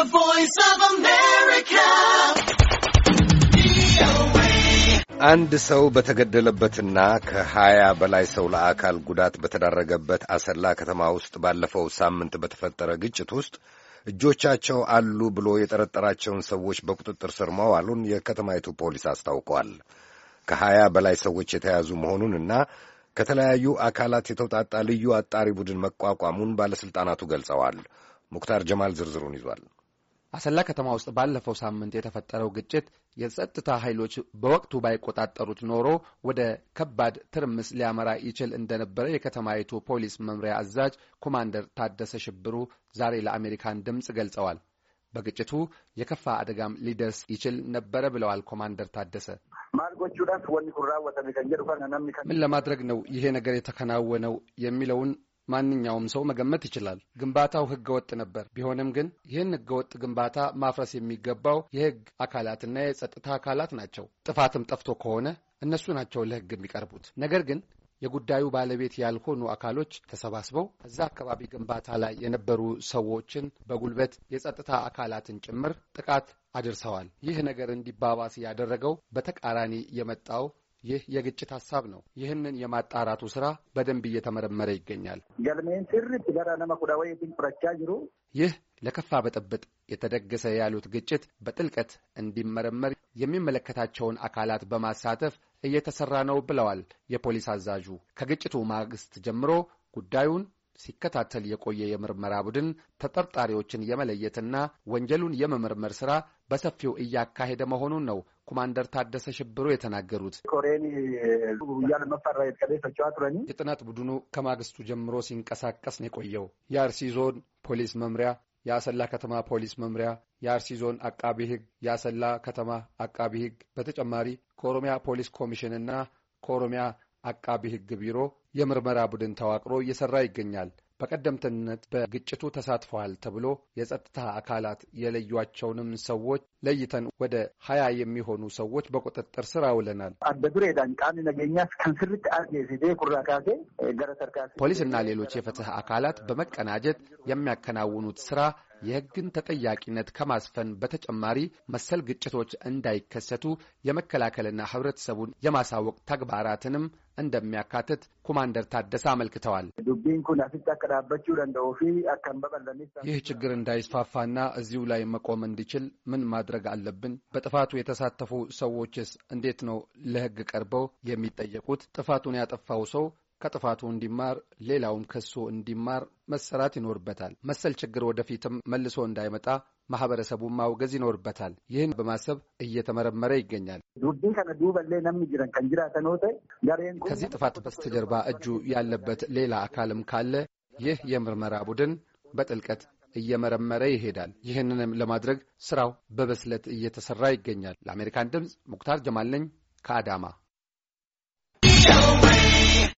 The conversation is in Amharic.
The Voice of America. አንድ ሰው በተገደለበትና ከሀያ በላይ ሰው ለአካል ጉዳት በተዳረገበት አሰላ ከተማ ውስጥ ባለፈው ሳምንት በተፈጠረ ግጭት ውስጥ እጆቻቸው አሉ ብሎ የጠረጠራቸውን ሰዎች በቁጥጥር ስር መዋሉን የከተማይቱ ፖሊስ አስታውቀዋል። ከሀያ በላይ ሰዎች የተያዙ መሆኑንና ከተለያዩ አካላት የተውጣጣ ልዩ አጣሪ ቡድን መቋቋሙን ባለሥልጣናቱ ገልጸዋል። ሙክታር ጀማል ዝርዝሩን ይዟል። አሰላ ከተማ ውስጥ ባለፈው ሳምንት የተፈጠረው ግጭት የጸጥታ ኃይሎች በወቅቱ ባይቆጣጠሩት ኖሮ ወደ ከባድ ትርምስ ሊያመራ ይችል እንደነበረ የከተማይቱ ፖሊስ መምሪያ አዛዥ ኮማንደር ታደሰ ሽብሩ ዛሬ ለአሜሪካን ድምፅ ገልጸዋል። በግጭቱ የከፋ አደጋም ሊደርስ ይችል ነበረ ብለዋል ኮማንደር ታደሰ። ምን ለማድረግ ነው ይሄ ነገር የተከናወነው የሚለውን ማንኛውም ሰው መገመት ይችላል። ግንባታው ህገ ወጥ ነበር። ቢሆንም ግን ይህን ህገወጥ ወጥ ግንባታ ማፍረስ የሚገባው የህግ አካላትና የጸጥታ አካላት ናቸው። ጥፋትም ጠፍቶ ከሆነ እነሱ ናቸው ለህግ የሚቀርቡት። ነገር ግን የጉዳዩ ባለቤት ያልሆኑ አካሎች ተሰባስበው እዛ አካባቢ ግንባታ ላይ የነበሩ ሰዎችን በጉልበት የጸጥታ አካላትን ጭምር ጥቃት አድርሰዋል። ይህ ነገር እንዲባባስ ያደረገው በተቃራኒ የመጣው ይህ የግጭት ሀሳብ ነው። ይህንን የማጣራቱ ስራ በደንብ እየተመረመረ ይገኛል። ይህ ለከፋ ብጥብጥ የተደገሰ ያሉት ግጭት በጥልቀት እንዲመረመር የሚመለከታቸውን አካላት በማሳተፍ እየተሰራ ነው ብለዋል የፖሊስ አዛዡ። ከግጭቱ ማግስት ጀምሮ ጉዳዩን ሲከታተል የቆየ የምርመራ ቡድን ተጠርጣሪዎችን የመለየትና ወንጀሉን የመመርመር ስራ በሰፊው እያካሄደ መሆኑን ነው ኮማንደር ታደሰ ሽብሮ የተናገሩት። የጥናት ቡድኑ ከማግስቱ ጀምሮ ሲንቀሳቀስ ነው የቆየው። የአርሲ ዞን ፖሊስ መምሪያ፣ የአሰላ ከተማ ፖሊስ መምሪያ፣ የአርሲ ዞን አቃቢ ህግ የአሰላ ከተማ አቃቢ ህግ በተጨማሪ ከኦሮሚያ ፖሊስ ኮሚሽንና ከኦሮሚያ አቃቢ ህግ ቢሮ የምርመራ ቡድን ተዋቅሮ እየሰራ ይገኛል። በቀደምትነት በግጭቱ ተሳትፈዋል ተብሎ የጸጥታ አካላት የለዩቸውንም ሰዎች ለይተን ወደ ሀያ የሚሆኑ ሰዎች በቁጥጥር ስር አውለናል። ፖሊስና ሌሎች የፍትህ አካላት በመቀናጀት የሚያከናውኑት ስራ የሕግን ተጠያቂነት ከማስፈን በተጨማሪ መሰል ግጭቶች እንዳይከሰቱ የመከላከልና ህብረተሰቡን የማሳወቅ ተግባራትንም እንደሚያካትት ኮማንደር ታደሰ አመልክተዋል። ይህ ችግር እንዳይስፋፋና እዚሁ ላይ መቆም እንዲችል ምን ማድረግ አለብን? በጥፋቱ የተሳተፉ ሰዎችስ እንዴት ነው ለህግ ቀርበው የሚጠየቁት? ጥፋቱን ያጠፋው ሰው ከጥፋቱ እንዲማር ሌላውም ከሱ እንዲማር መሰራት ይኖርበታል። መሰል ችግር ወደፊትም መልሶ እንዳይመጣ ማህበረሰቡን ማውገዝ ይኖርበታል። ይህን በማሰብ እየተመረመረ ይገኛል። ከዚህ ጥፋት በስተጀርባ እጁ ያለበት ሌላ አካልም ካለ ይህ የምርመራ ቡድን በጥልቀት እየመረመረ ይሄዳል። ይህንንም ለማድረግ ስራው በበስለት እየተሰራ ይገኛል። ለአሜሪካን ድምፅ ሙክታር ጀማል ነኝ ከአዳማ